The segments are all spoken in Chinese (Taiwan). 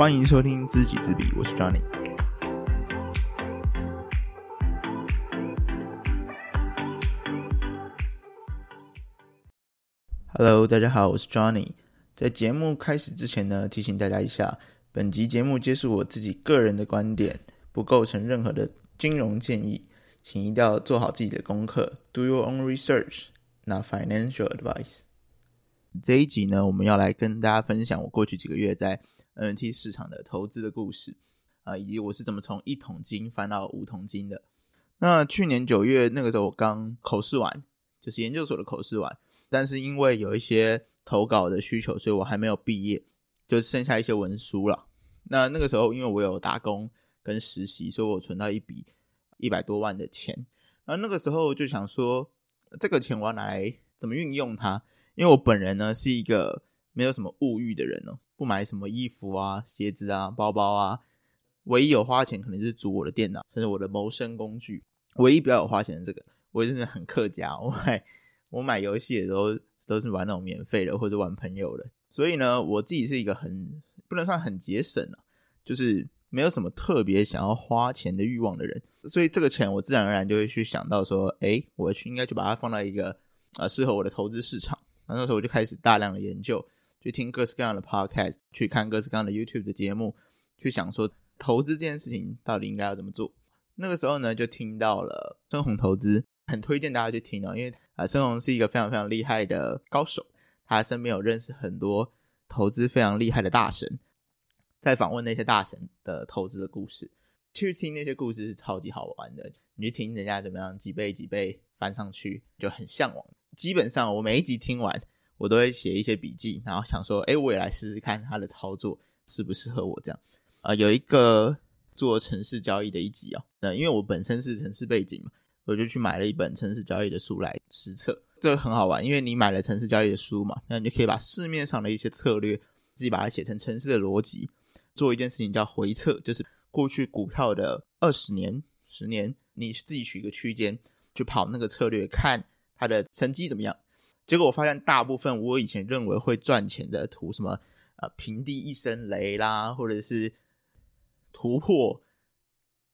歡迎收聽知己知彼，我是 Johnny。Hello，大家好，我是 Johnny。在節目開始之前呢，提醒大家一下，本集節目皆是我自己個人的觀點，不構成任何的金融建議，請一定要做好自己的功課，Do your own research，not financial advice。這一集呢，我們要來跟大家分享我過去幾個月在。NFT 市場的投資的故事啊、呃，以及我是怎麼從一桶金翻到五桶金的。那去年九月那個時候，我剛口試完，就是研究所的口試完，但是因為有一些投稿的需求，所以我還沒有畢業，就是，剩下一些文書了。那那個時候，因為我有打工跟實習，所以我存到一筆一百多萬的錢。那那個時候就想說，這個錢我要來怎麼運用它？因為我本人呢是一個沒有什麼物欲的人哦、喔。不買什麼衣服啊、鞋子啊、包包啊，唯一有花錢可能是組我的電腦，甚至我的謀生工具。唯一比較有花錢的這個，我真的很客家，我買我買遊戲也都都是玩那種免費的或者玩朋友的。所以呢，我自己是一個很不能算很節省啊，就是沒有什麼特別想要花錢的欲望的人。所以這個錢我自然而然就會去想到說，哎、欸，我去應該就把它放到一個啊呃、適合我的投資市場。那那時候我就開始大量的研究。去聽各式各樣的 podcast，去看各式各樣的 YouTube 的節目，去想說投資這件事情到底應該要怎麼做。那個時候呢，就聽到了深紅投資，很推薦大家去聽哦，因為啊，呃、深紅是一個非常非常厲害的高手，他身邊有認識很多投資非常厲害的大神，在訪問那些大神的投資的故事，去聽那些故事是超級好玩的。你去聽人家怎麼樣幾倍幾倍翻上去，就很嚮往。基本上我每一集聽完，我都會寫一些筆記，然後想說，哎，我也來試試看它的操作適不適合我這樣。啊、呃，有一個做程式交易的一集啊、哦，那、嗯、因為我本身是程式背景嘛，我就去買了一本程式交易的書來實測，這個很好玩，因為你買了程式交易的書嘛，那你就可以把市面上的一些策略自己把它寫成程式的邏輯，做一件事情叫回測，就是過去股票的二十年、十年，你自己取一個區間去跑那個策略，看它的成績怎麼樣。結果我發現，大部分我以前認為會賺錢的圖，什麼、呃、平地一聲雷啦，或者是突破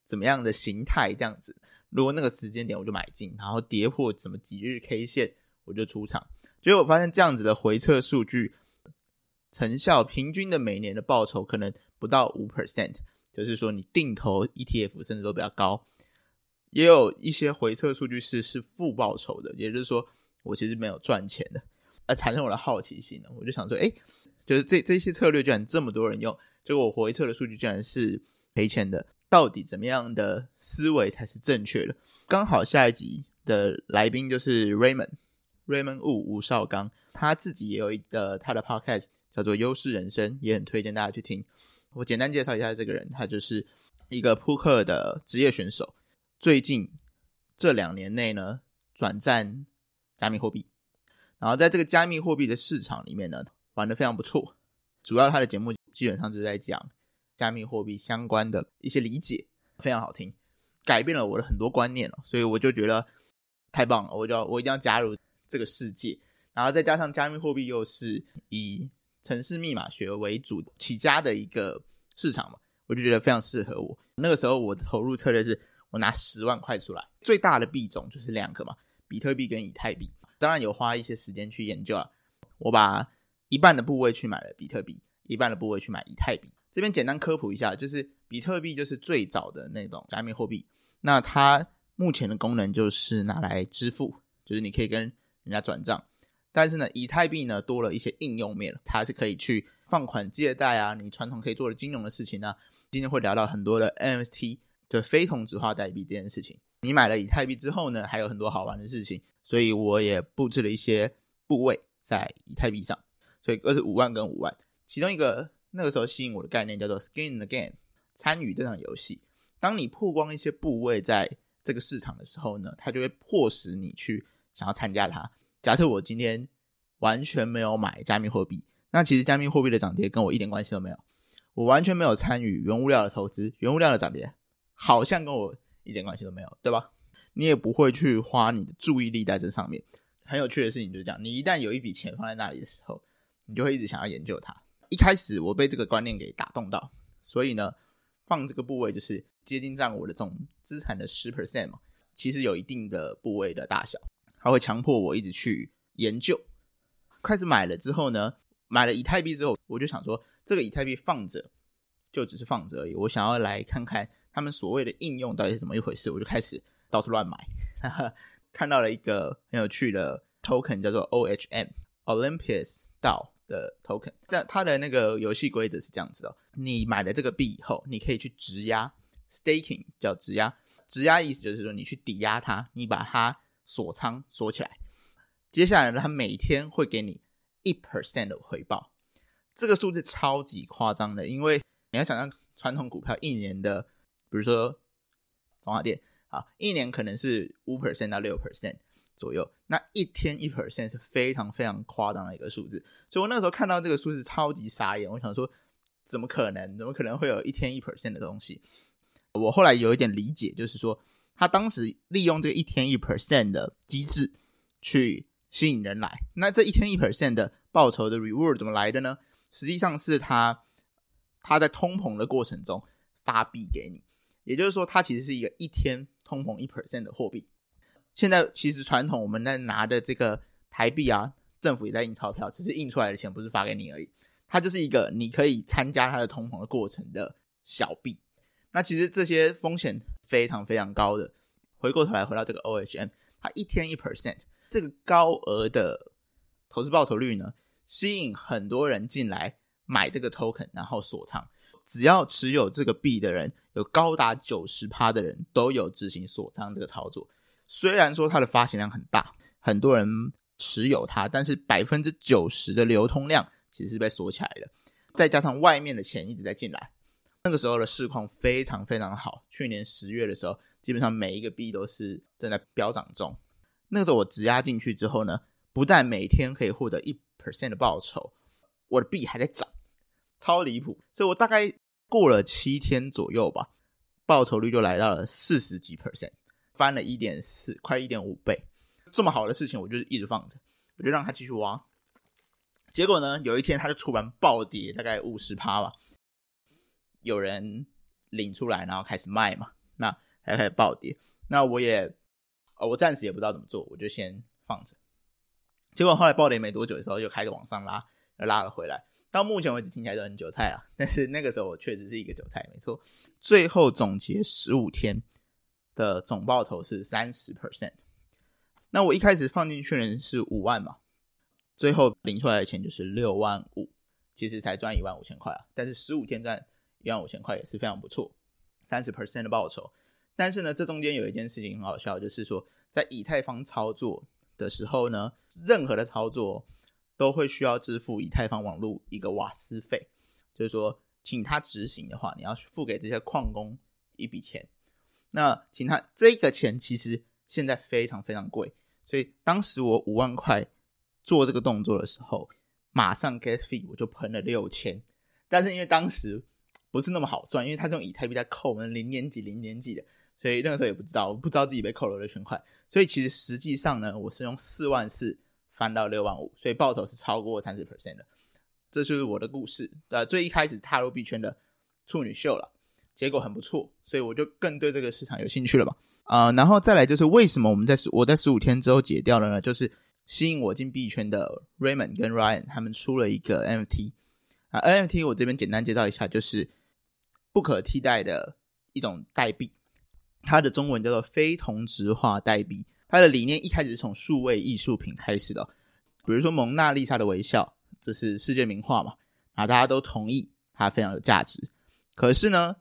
怎麼樣的形態這樣子，如果那個時間點我就買進，然後跌破什麼幾日 K 線我就出場。結果我發現這樣子的回測數據成效，平均的每年的報酬可能不到五 percent，就是說你定投 ETF 甚至都比較高，也有一些回測數據是是負報酬的，也就是說。我其實沒有賺錢的，而、呃、產生我的好奇心呢，我就想說，哎、欸，就是這這些策略居然這麼多人用，結果我回測的數據居然是賠錢的。到底怎麼樣的思維才是正確的？剛好下一集的來賓就是 Raymond Raymond w woo 吳紹剛，他自己也有一個他的 Podcast 叫做《優勢人生》，也很推薦大家去聽。我簡單介紹一下這個人，他就是一個撲克的職業選手。最近這兩年內呢，轉戰。加密貨幣，然後在這個加密貨幣的市場裡面呢，玩得非常不錯。主要他的節目基本上就是在講加密貨幣相關的一些理解，非常好聽，改變了我的很多觀念哦。所以我就覺得太棒了，我就要我一定要加入這個世界。然後再加上加密貨幣又是以城市密碼學為主起家的一個市場嘛，我就覺得非常適合我。那個時候我的投入策略是我拿十萬塊出來，最大的幣種就是兩個嘛。比特幣跟以太幣，當然有花一些時間去研究啊，我把一半的部位去買了比特幣，一半的部位去買以太幣。這邊簡單科普一下，就是比特幣就是最早的那種加密貨幣，那它目前的功能就是拿來支付，就是你可以跟人家轉賬。但是呢，以太幣呢多了一些應用面，它是可以去放款借貸啊，你傳統可以做的金融的事情呢，啊，今天會聊到很多的 NFT，就非同質化代幣這件事情。你買了以太幣之後呢，還有很多好玩的事情，所以我也布置了一些部位在以太幣上，所以25萬跟五萬。其中一個那個時候吸引我的概念叫做 “skin in the game”，參與這場遊戲。當你曝光一些部位在這個市場的時候呢，它就會迫使你去想要參加它。假設我今天完全沒有買加密貨幣，那其實加密貨幣的漲跌跟我一點關係都沒有，我完全沒有參與原物料的投資，原物料的漲跌好像跟我。一點關係都沒有，對吧？你也不會去花你的注意力在這上面。很有趣的事情就是這樣：你一旦有一筆錢放在那裡的時候，你就會一直想要研究它。一開始我被這個觀念給打動到，所以呢，放這個部位就是接近占我的這種資產的十 percent 嘛，其實有一定的部位的大小，它會強迫我一直去研究。開始買了之後呢，買了以太幣之後，我就想說，這個以太幣放着就只是放着而已，我想要來看看。.他們所謂的應用到底是怎麼一回事？我就開始到處亂買哈哈，看到了一個很有趣的 token，叫做 OHM，Olympus DAO 的 token。但它的那個遊戲規則是這樣子的：你買了這個幣以後，你可以去質押 （staking） 叫質押。質押意思就是說你去抵押它，你把它鎖倉鎖起來。接下來呢，它每天會給你一 percent 的回報。這個數字超級誇張的，因為你要想象傳統股票一年的。比如說，中華電啊，一年可能是五 percent 到六 percent 左右。那一天一 percent 是非常非常誇張的一個數字，所以我那時候看到這個數字超級傻眼，我想說，怎麼可能？怎麼可能會有一天一 percent 的東西？我後來有一點理解，就是說，他當時利用這個一天一 percent 的機制去吸引人來。那這一天一 percent 的報酬的 reward 怎麼來的呢？實際上是他他在通膨的過程中發幣給你。也就是說，它其實是一個一天通膨一 percent 的貨幣。現在其實傳統我們在拿的這個台幣啊，政府也在印鈔票，只是印出來的錢不是發給你而已。它就是一個你可以參加它的通膨的過程的小幣。那其實這些風險非常非常高的。回過頭來回到這個 OHM，它一天一 percent 這個高額的投資報酬率呢，吸引很多人進來買這個 token，然後鎖倉。只要持有這個幣的人，有高達九十趴的人都有執行鎖倉這個操作。雖然說它的發行量很大，很多人持有它，但是百分之九十的流通量其實是被鎖起來的，再加上外面的錢一直在進來，那個時候的市況非常非常好。去年十月的時候，基本上每一個幣都是正在飆漲中。那個時候我質押進去之後呢，不但每天可以獲得一 percent 的報酬，我的幣還在漲。超離譜，所以我大概過了七天左右吧，報酬率就來到了四十幾 percent，翻了一點四，快一點五倍。這麼好的事情，我就一直放着，我就讓他繼續挖。結果呢，有一天他就突然暴跌，大概五十趴吧。有人領出來，然後開始賣嘛，那還開始暴跌。那我也，呃，我暫時也不知道怎麼做，我就先放着。結果後來暴跌沒多久的時候，又開始往上拉，又拉了回來。到目前為止聽起來都很韭菜啊，但是那個時候我確實是一個韭菜，沒錯。最後總結十五天的總報酬是三十 percent，那我一開始放進去的是五萬嘛，最後領出來的錢就是六萬五，其實才賺一萬五千塊啊。但是十五天賺一萬五千塊也是非常不錯，三十 percent 的報酬。但是呢，這中間有一件事情很好笑，就是說在以太坊操作的時候呢，任何的操作。都會需要支付以太坊網絡一個瓦斯費，就是說，請他執行的話，你要付給這些礦工一筆錢。那請他這個錢其實現在非常非常貴，所以當時我五萬塊做這個動作的時候，馬上 gas fee 我就噴了六千。但是因為當時不是那麼好算，因為他用以太幣在扣我們零點幾零點幾的，所以那個時候也不知道我不知道自己被扣了六千塊。所以其實實際上呢，我是用四萬四。翻到六萬五，所以報酬是超過三十 percent 的。這就是我的故事，呃，最一開始踏入幣圈的處女秀了，結果很不錯，所以我就更對這個市場有興趣了吧？呃，然後再來就是為什麼我們在十，我在十五天之後解掉了呢？就是吸引我進幣圈的 Raymond 跟 Ryan 他們出了一個 NFT 啊，NFT 我這邊簡單介紹一下，就是不可替代的一種代幣，它的中文叫做非同質化代幣。他的理念一開始是從數位藝術品開始的，比如說《蒙娜麗莎的微笑》，這是世界名畫嘛，啊，大家都同意它非常有價值。可是呢，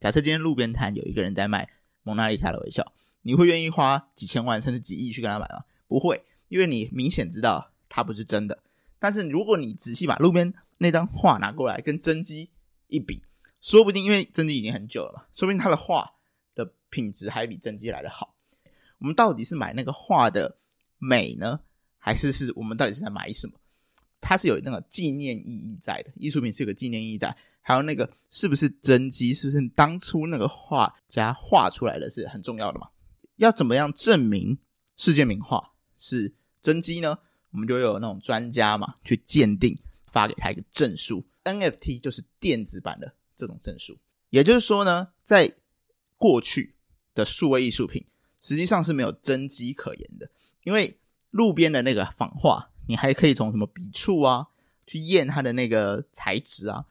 假設今天路邊攤有一個人在賣《蒙娜麗莎的微笑》，你會願意花幾千萬甚至幾億去跟他買嗎？不會，因為你明顯知道它不是真的。但是如果你仔細把路邊那張畫拿過來跟真跡一比，說不定因為真跡已經很久了嘛，說不定他的畫的品質還比真跡來得好。我們到底是買那個畫的美呢？還是是我們到底是在買什麼？它是有那個紀念意義在的，藝術品是有個紀念意義在，還有那個是不是真跡，是不是當初那個畫家畫出來的，是很重要的嘛？要怎麼樣證明世界名畫是真跡呢？我們就有那種專家嘛，去鑑定，發給他一個證書，NFT 就是電子版的這種證書。也就是說呢，在過去的數位藝術品，實際上是沒有真跡可言的，因為路邊的那個仿畫，你還可以從什麼筆觸啊，去驗它的那個材質啊，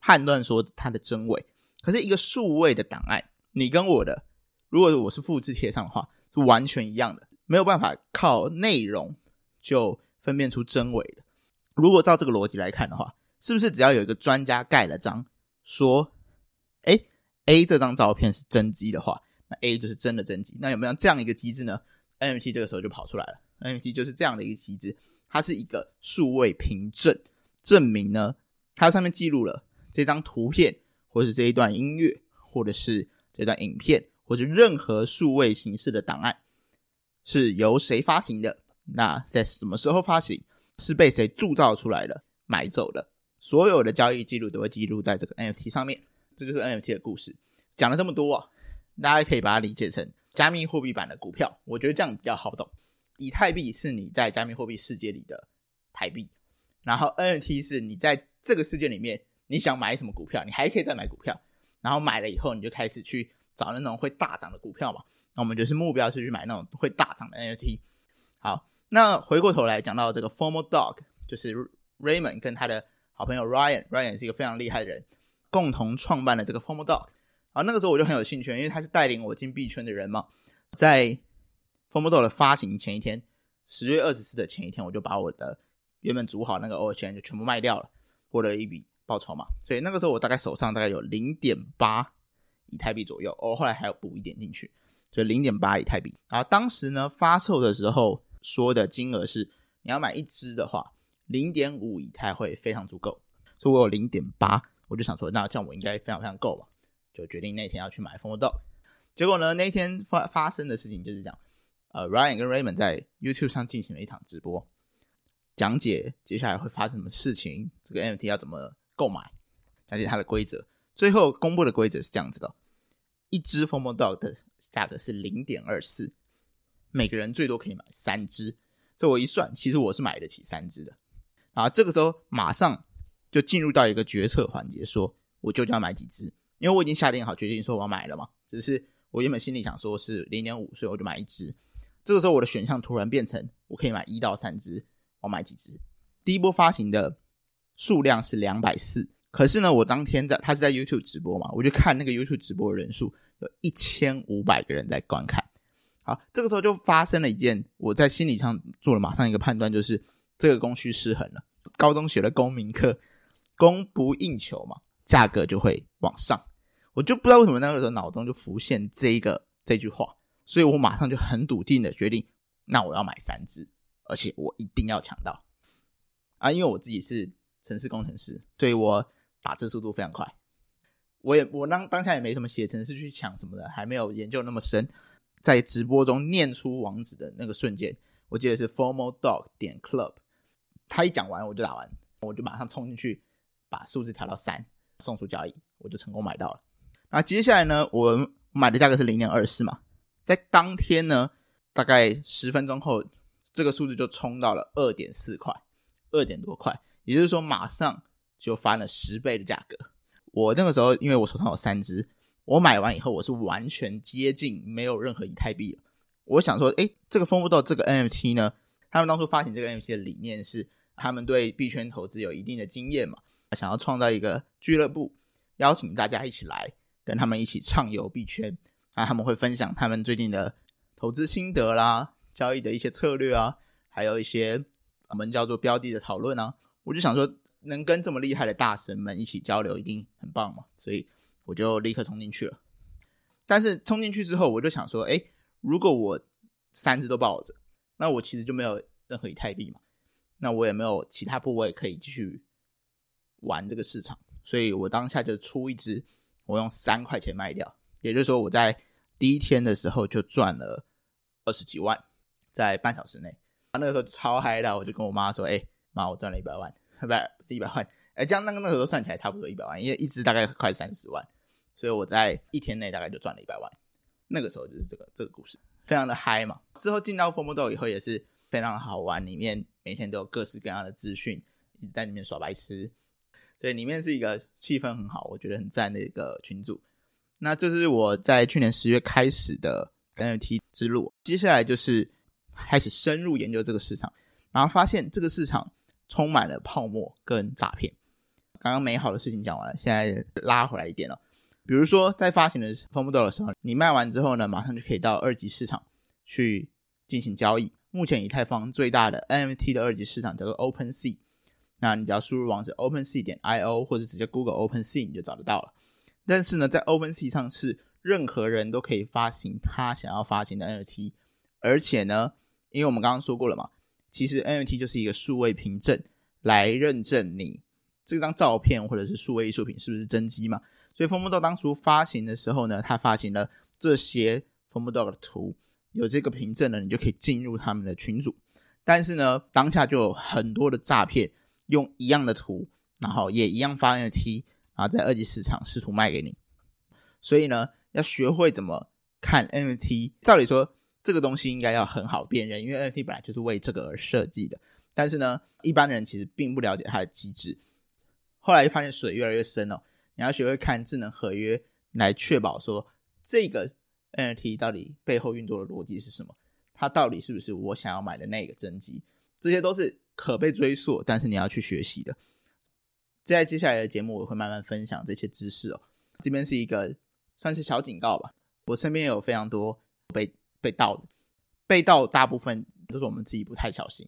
判斷說它的真偽。可是，一個數位的檔案，你跟我的，如果我是複製貼上的話，是完全一樣的，沒有辦法靠內容就分辨出真偽的。如果照這個邏輯來看的話，是不是只要有一個專家蓋了章，說，哎，A 這張照片是真跡的話？A 就是真的真機，那有沒有這樣一個機制呢？NFT 這個時候就跑出來了。NFT 就是這樣的一個機制，它是一個數位憑證，證明呢，它上面記錄了這張圖片，或者是這一段音樂，或者是這段影片，或者是任何數位形式的檔案，是由誰發行的，那在什麼時候發行，是被誰鑄造出來的，買走的，所有的交易記錄都會記錄在這個 NFT 上面。這就是 NFT 的故事。講了這麼多啊。大家可以把它理解成加密貨幣版的股票，我覺得這樣比較好懂。以太幣是你在加密貨幣世界裡的台幣，然後 NFT 是你在這個世界裡面你想買什麼股票，你還可以再買股票，然後買了以後你就開始去找那種會大漲的股票嘛。那我們就是目標是去買那種會大漲的 NFT。好，那回過頭來講到這個 Formal Dog，就是 Raymond 跟他的好朋友 Ryan，Ryan Ryan 是一個非常厲害的人，共同創辦了這個 Formal Dog。啊，那個時候我就很有興趣，因為他是帶領我進幣圈的人嘛。在《Fomo Doll》的發行前一天，十月二十四的前一天，我就把我的原本煮好那個歐元、哦、就全部賣掉了，獲得了一筆報酬嘛。所以那個時候我大概手上大概有零點八以太幣左右，哦，後來還要補一點進去，就零點八以太幣。然後、啊、當時呢發售的時候說的金額是你要買一只的話，零點五以太會非常足夠，所以我有零點八，我就想說那這樣我應該非常非常夠嘛。就決定那天要去買 Fomo Dog，結果呢，那天發發生的事情就是這樣，呃，Ryan 跟 Raymond 在 YouTube 上進行了一場直播，講解接下來會發生什麼事情，這個 NFT 要怎麼購買，講解它的規則。最後公布的規則是這樣子的：一隻 Fomo Dog 的價格是零點二四，每個人最多可以買三隻。所以我一算，其實我是買得起三隻的。然後這個時候馬上就進入到一個決策環節說，說我究竟要買幾隻。因為我已經下定好決心說我要買了嘛，只是我原本心裡想說是零點五，所以我就買一只。這個時候我的選項突然變成我可以買一到三只，我買幾只？第一波發行的數量是兩百四，可是呢，我當天在他是在 YouTube 直播嘛，我就看那個 YouTube 直播的人數有一千五百個人在觀看。好，這個時候就發生了一件我在心理上做了馬上一個判斷，就是這個供需失衡了。高中學的公民課，供不應求嘛。價格就會往上，我就不知道為什麼那個時候腦中就浮現這一個這句話，所以我馬上就很篤定的決定，那我要買三隻，而且我一定要搶到啊！因為我自己是程式工程師，所以我打字速度非常快。我也我當當下也沒什麼寫程式去搶什麼的，還沒有研究那麼深。在直播中念出網址的那個瞬間，我記得是 formal dog 點 club，他一講完我就打完，我就馬上衝進去把數字調到三。送出交易，我就成功買到了。那接下來呢，我買的價格是零點二四嘛，在當天呢，大概十分鐘後，這個數字就衝到了二點四塊，二點多塊，也就是說馬上就翻了十倍的價格。我那個時候因為我手上有三隻，我買完以後我是完全接近沒有任何以太幣了。我想說，哎、欸，這個分不到這個 NFT 呢？他們當初發行這個 NFT 的理念是，他們對幣圈投資有一定的經驗嘛，想要創造一個俱樂部，邀請大家一起來跟他們一起暢遊幣圈。啊，他們會分享他們最近的投資心得啦、交易的一些策略啊，還有一些我們叫做標的的討論啊。我就想說，能跟這麼厲害的大神們一起交流，一定很棒嘛。所以我就立刻衝進去了。但是衝進去之後，我就想說，誒，如果我三隻都抱着，那我其實就沒有任何以太幣嘛，那我也沒有其他部位可以繼續玩這個市場，所以我當下就出一只，我用三塊錢賣掉，也就是說我在第一天的時候就賺了二十幾萬，在半小時內。啊，那個時候超嗨的，我就跟我媽說：“哎、欸、媽，我賺了一百萬，不是一百萬，哎、欸，這樣那個那個時候算起來差不多一百萬，因為一只大概快三十萬，所以我在一天內大概就賺了一百萬。那個時候就是這個這個故事，非常的嗨嘛。之後進到 FOMO Doll 以後也是非常好玩，裡面每天都有各式各樣的資訊，在裡面耍白痴。對，裡面是一個氣氛很好，我覺得很讚的一個群組。那這是我在去年十月開始的 NFT 之路，接下來就是開始深入研究這個市場，然後發現這個市場充滿了泡沫跟詐騙。剛剛美好的事情講完了，現在拉回來一點了。比如說，在發行的分不到的時候，你賣完之後呢，馬上就可以到二級市場去進行交易。目前以太坊最大的 NFT 的二級市場叫做 OpenSea。就是 Open 那你只要輸入網址 OpenSea 點 io 或者直接 Google OpenSea，你就找得到了。但是呢，在 OpenSea 上是任何人都可以發行他想要發行的 NFT，而且呢，因為我們剛剛說過了嘛，其實 NFT 就是一個數位憑證，來認證你這張照片或者是數位藝術品是不是真跡嘛。所以，FOMO Dog 當初發行的時候呢，他發行了這些 FOMO Dog 的圖，有這個憑證呢，你就可以進入他們的群組。但是呢，當下就有很多的詐騙。用一樣的圖，然後也一樣發 NFT，然後在二級市場試圖賣給你。所以呢，要學會怎麼看 NFT。照理說，這個東西應該要很好辨認，因為 NFT 本來就是為這個而設計的。但是呢，一般人其實並不了解它的機制。後來就發現水越來越深了，哦，你要學會看智能合約，來確保說這個 NFT 到底背後運作的邏輯是什麼，它到底是不是我想要買的那個真機？這些都是。可被追溯，但是你要去學習的。在接下來的節目，我會慢慢分享這些知識哦。這邊是一個算是小警告吧。我身邊有非常多被被盜的，被盜大部分都是我們自己不太小心。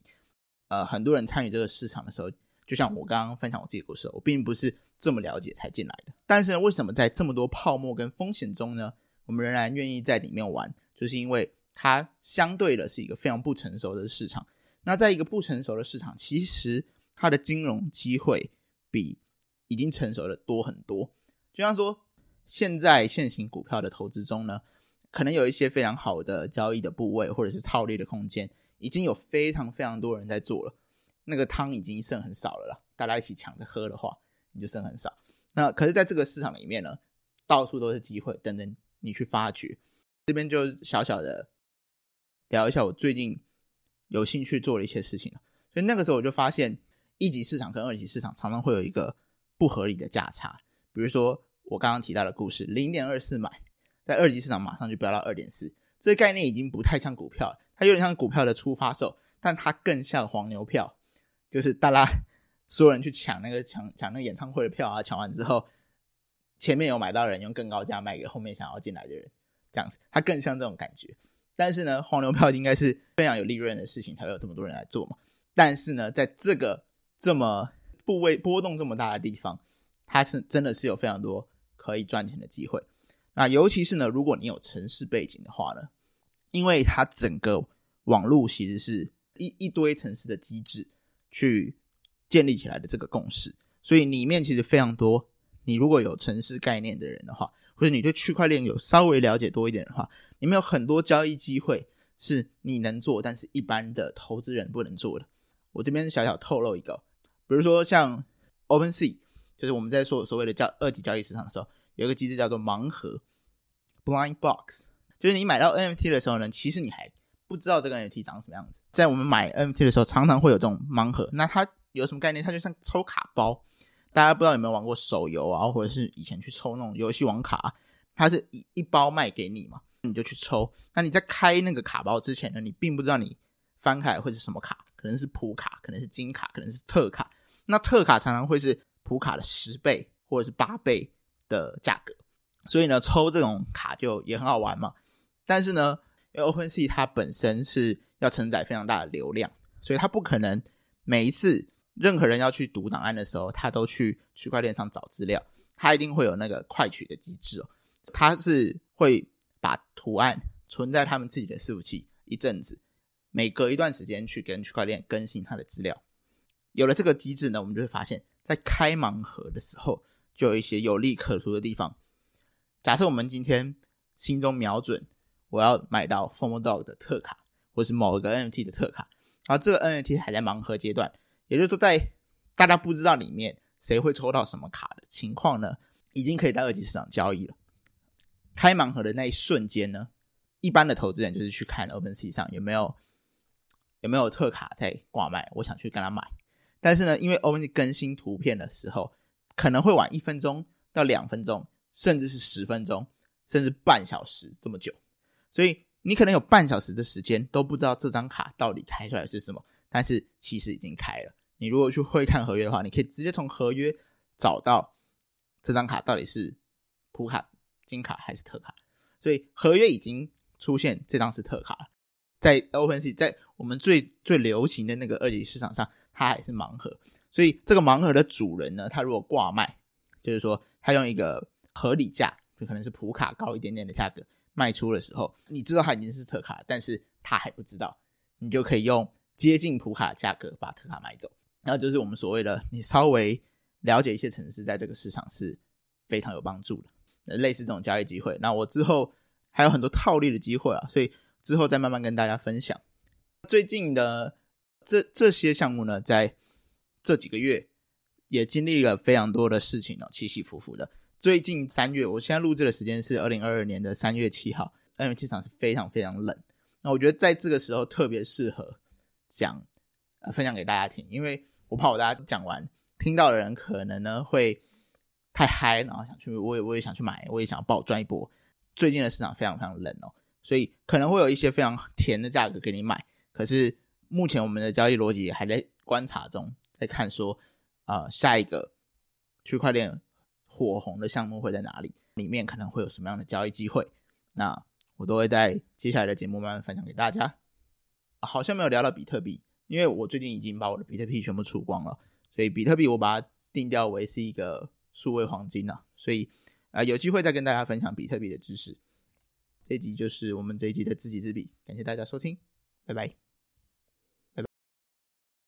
呃，很多人參與這個市場的時候，就像我剛剛分享我自己的故事，我並不是這麼了解才進來的。但是為什麼在這麼多泡沫跟風險中呢？我們仍然願意在裡面玩，就是因為它相對的是一個非常不成熟的市場。那在一個不成熟的市場，其實它的金融機會比已經成熟的多很多。就像說，現在現行股票的投資中呢，可能有一些非常好的交易的部位或者是套利的空間，已經有非常非常多人在做了。那個湯已經剩很少了啦，大家一起搶着喝的話，你就剩很少。那可是在這個市場裡面呢，到處都是機會，等着你去發掘。這邊就小小的聊一下我最近。有興趣做了一些事情，所以那個時候我就發現一級市場跟二級市場常常會有一個不合理的價差。比如說我剛剛提到的故事，零點二四買，在二級市場馬上就飆到二點四，這個概念已經不太像股票，它有點像股票的出發售，但它更像黃牛票，就是大家所有人去搶那個搶，搶那個演唱會的票啊，搶完之後前面有買到的人用更高價賣給後面想要進來的人，這樣子，它更像這種感覺。但是呢，黃牛票應該是非常有利潤的事情，才會有這麼多人來做嘛。但是呢，在這個這麼部位波動這麼大的地方，它是真的是有非常多可以賺錢的機會。那尤其是呢，如果你有程式背景的話呢，因為它整個網絡其實是一一堆程式的機制去建立起來的這個共識，所以裡面其實非常多。你如果有程式概念的人的話，或者你對區塊鏈有稍微了解多一點的話，你們有很多交易機會是你能做，但是一般的投資人不能做的。我這邊小小透露一個，比如說像 OpenSea，就是我們在說所謂的叫二級交易市場的時候，有一個機制叫做盲盒 （Blind Box），就是你買到 NFT 的時候呢，其實你還不知道這個 NFT 長什麼樣子。在我們買 NFT 的時候，常常會有這種盲盒，那它有什麼概念？它就像抽卡包。大家不知道有沒有玩過手遊啊，或者是以前去抽那種遊戲王卡啊，它是一一包賣給你嘛，你就去抽。那你在開那個卡包之前呢，你並不知道你翻開會是什麼卡，可能是普卡，可能是金卡，可能是特卡。那特卡常常會是普卡的十倍或者是八倍的價格，所以呢，抽這種卡就也很好玩嘛。但是呢，因為 Open C 它本身是要承載非常大的流量，所以它不可能每一次。任何人要去讀檔案的時候，他都去區塊鏈上找資料，他一定會有那個快取的機制哦。他是會把圖案存在他們自己的伺服器一陣子，每隔一段時間去跟區塊鏈更新他的資料。有了這個機制呢，我們就會發現，在開盲盒的時候，就有一些有利可圖的地方。假設我們今天心中瞄準，我要買到 FOMO Dog 的特卡，或是某一個 NFT 的特卡，然後這個 NFT 還在盲盒階段。也就是說，在大家不知道裡面誰會抽到什麼卡的情況呢，已經可以在二級市場交易了。開盲盒的那一瞬間呢，一般的投資人就是去看 OpenSea 上有沒有有沒有特卡在掛賣，我想去跟他買。但是呢，因為 OpenSea 更新圖片的時候，可能會晚一分鐘到兩分鐘，甚至是十分鐘，甚至半小時這麼久，所以你可能有半小時的時間都不知道這張卡到底開出來是什麼。但是其實已經開了。你如果去會看合約的話，你可以直接從合約找到這張卡到底是普卡、金卡還是特卡。所以合約已經出現這張是特卡了。在 OpenSea，在我們最最流行的那個二級市場上，它還是盲盒。所以這個盲盒的主人呢，他如果掛賣，就是說他用一個合理價，就可能是普卡高一點點的價格賣出的時候，你知道它已經是特卡，但是他還不知道，你就可以用，接近普卡價格把特卡買走，那就是我們所謂的你稍微了解一些城市，在這個市場是非常有幫助的。類似這種交易機會，那我之後還有很多套利的機會啊，所以之後再慢慢跟大家分享。最近的這這些項目呢，在這幾個月也經歷了非常多的事情哦、喔，起起伏伏的。最近三月，我現在錄製的時間是二零二二年的三月七號，但因為市場是非常非常冷。那我覺得在這個時候特別適合，講，呃，分享給大家聽，因為我怕我大家講完，聽到的人可能呢會太嗨，然後想去，我也我也想去買，我也想暴賺一波。最近的市場非常非常冷哦，所以可能會有一些非常甜的價格給你買。可是目前我們的交易邏輯還在觀察中，在看說，啊、呃，下一個區塊鏈火紅的項目會在哪裡，裡面可能會有什麼樣的交易機會，那我都會在接下來的節目慢慢分享給大家。好像沒有聊到比特幣，因為我最近已經把我的比特幣全部出光了，所以比特幣我把它定調為是一個數位黃金吶、啊，所以啊、呃、有機會再跟大家分享比特幣的知識。這集就是我們這一集的知己知彼，感謝大家收聽，拜拜。